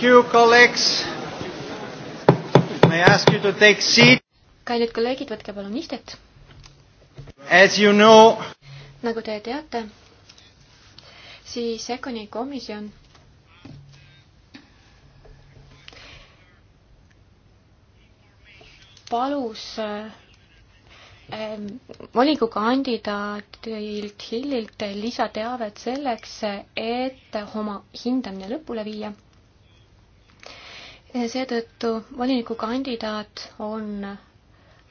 you, colleagues. May I ask you to take seat? kallid kolleegid, võtke palun istet. As you know. nagu te teate, siis Econi komisjon palus ähm, volikogu kandidaadilt Hillilt lisateavet selleks, et oma hindamine lõpule viia seetõttu volinikukandidaat on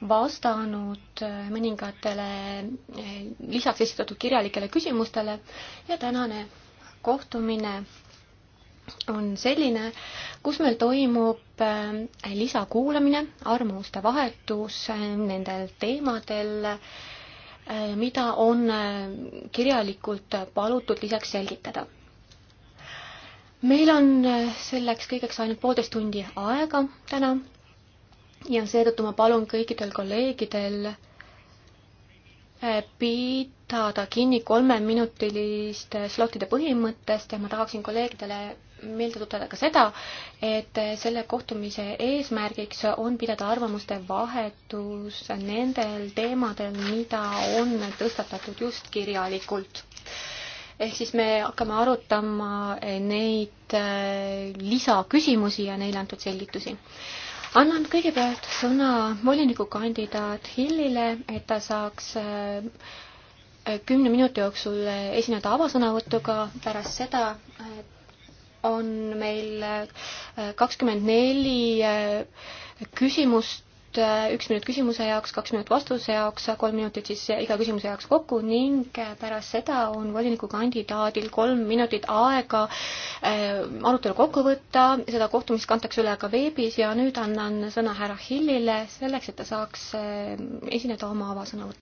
vastanud mõningatele eh, lisaks esitatud kirjalikele küsimustele ja tänane kohtumine on selline, kus meil toimub eh, lisakuulamine, arvamuste vahetus eh, nendel teemadel, mida on kirjalikult palutud lisaks selgitada meil on äh, selleks kõigeks ainult poolteist tundi aega täna ja seetõttu ma palun kõikidel kolleegidel äh, pidada kinni kolmeminutiliste slotide põhimõttest ja ma tahaksin kolleegidele meelde tutvada ka seda, et äh, selle kohtumise eesmärgiks on pidada arvamuste vahetus nendel teemadel, mida on tõstatatud just kirjalikult ehk siis me hakkame arutama eh, neid eh, lisaküsimusi ja neile antud selgitusi. annan kõigepealt sõna volinikukandidaat Hillile, et ta saaks eh, kümne minuti jooksul esineda avasõnavõtuga, pärast seda on meil kakskümmend neli küsimust minut, äh, üks minut küsimuse jaoks, kaks minut vastuse jaoks, kolm minutit siis iga küsimuse jaoks kokku ning äh, pärast seda on volinikukandidaadil kolm minutit aega äh, arutelu kokku võtta, seda kohtumist kantakse üle ka veebis ja nüüd annan sõna härra Hillile selleks, et ta saaks esineda oma avasõnavõtuga.